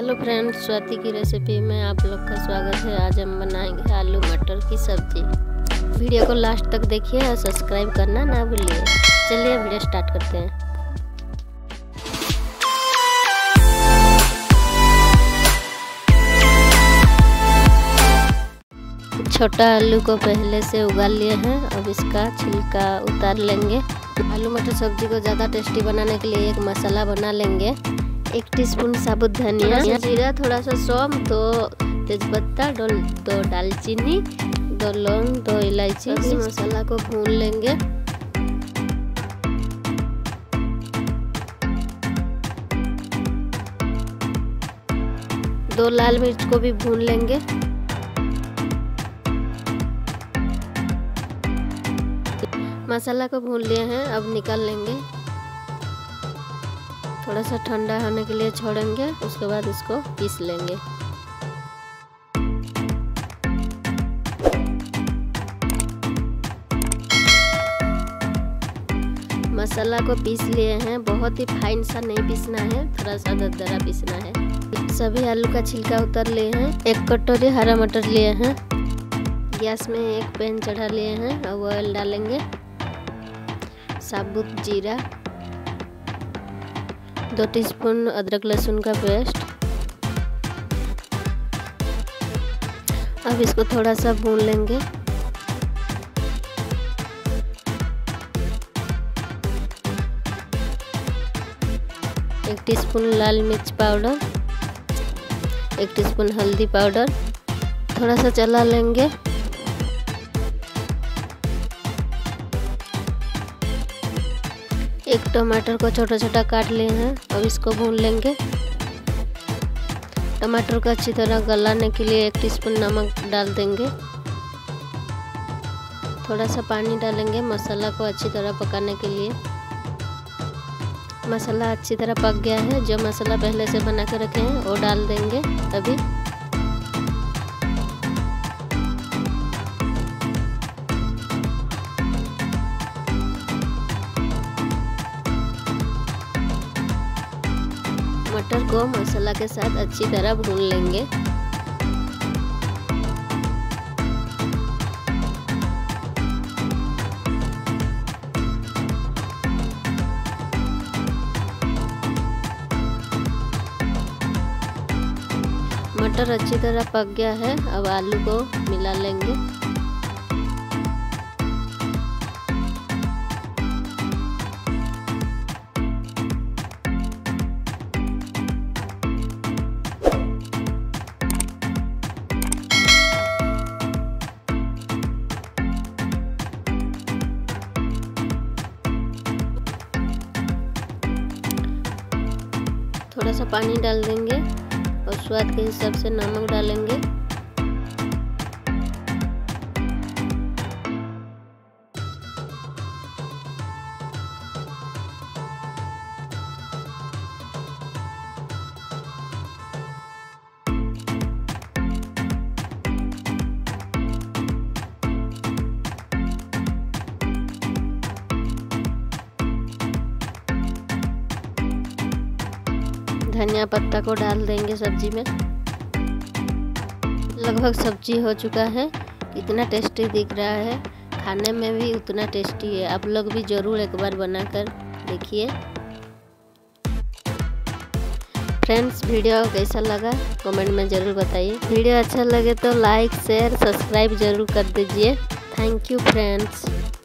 Hello friends Swati की recipe में आप लोग का स्वागत है आज हम बनाएंगे आलू मटर की सब्जी वीडियो को लास्ट तक देखिए और सब्सक्राइब करना ना भूलिए चलिए वीडियो स्टार्ट करते हैं छोटा आलू को पहले से उगा लिए हैं अब इसका छिलका उतार लेंगे आलू मटर सब्जी को ज़्यादा टेस्टी बनाने के लिए एक मसाला बना लेंगे एक टीस्पून साबुत धनिया हाँ। जीरा थोड़ा सा सौम दो तेज़पत्ता दो, दो दालचीनी दो लौंग दो इलायची इस हाँ मसाला को भून लेंगे दो लाल मिर्च को भी भून लेंगे मसाला को भून लिए हैं अब निकाल लेंगे थोड़ा सा ठंडा होने के लिए छोड़ेंगे उसके बाद इसको पीस लेंगे मसाला को पीस लिए हैं बहुत ही फाइन सा नहीं पीसना है थोड़ा सा दरदरा पीसना है सभी आलू का छिलका उतर लिए हैं एक कटोरी हरा मटर लिए हैं गैस में एक पैन चढ़ा लिए हैं और ऑयल डालेंगे साबुत जीरा दो टीस्पून अदरक लहसुन का पेस्ट अब इसको थोड़ा सा भून लेंगे एक टीस्पून लाल मिर्च पाउडर एक टीस्पून हल्दी पाउडर थोड़ा सा चला लेंगे एक टमाटर को छोटा छोटा काट लिए हैं अब इसको भून लेंगे टमाटर को अच्छी तरह गलाने के लिए एक टीस्पून नमक डाल देंगे थोड़ा सा पानी डालेंगे मसाला को अच्छी तरह पकाने के लिए मसाला अच्छी तरह पक गया है जो मसाला पहले से बना के रखे हैं वो डाल देंगे अभी मटर को मसाला के साथ अच्छी तरह भून लेंगे मटर अच्छी तरह पक गया है अब आलू को मिला लेंगे थोड़ा सा पानी डाल देंगे और स्वाद के हिसाब से नमक डालेंगे धनिया पत्ता को डाल देंगे सब्जी में लगभग सब्जी हो चुका है इतना टेस्टी दिख रहा है खाने में भी उतना टेस्टी है आप लोग भी ज़रूर एक बार बना कर देखिए फ्रेंड्स वीडियो कैसा लगा कमेंट में ज़रूर बताइए वीडियो अच्छा लगे तो लाइक शेयर सब्सक्राइब जरूर कर दीजिए थैंक यू फ्रेंड्स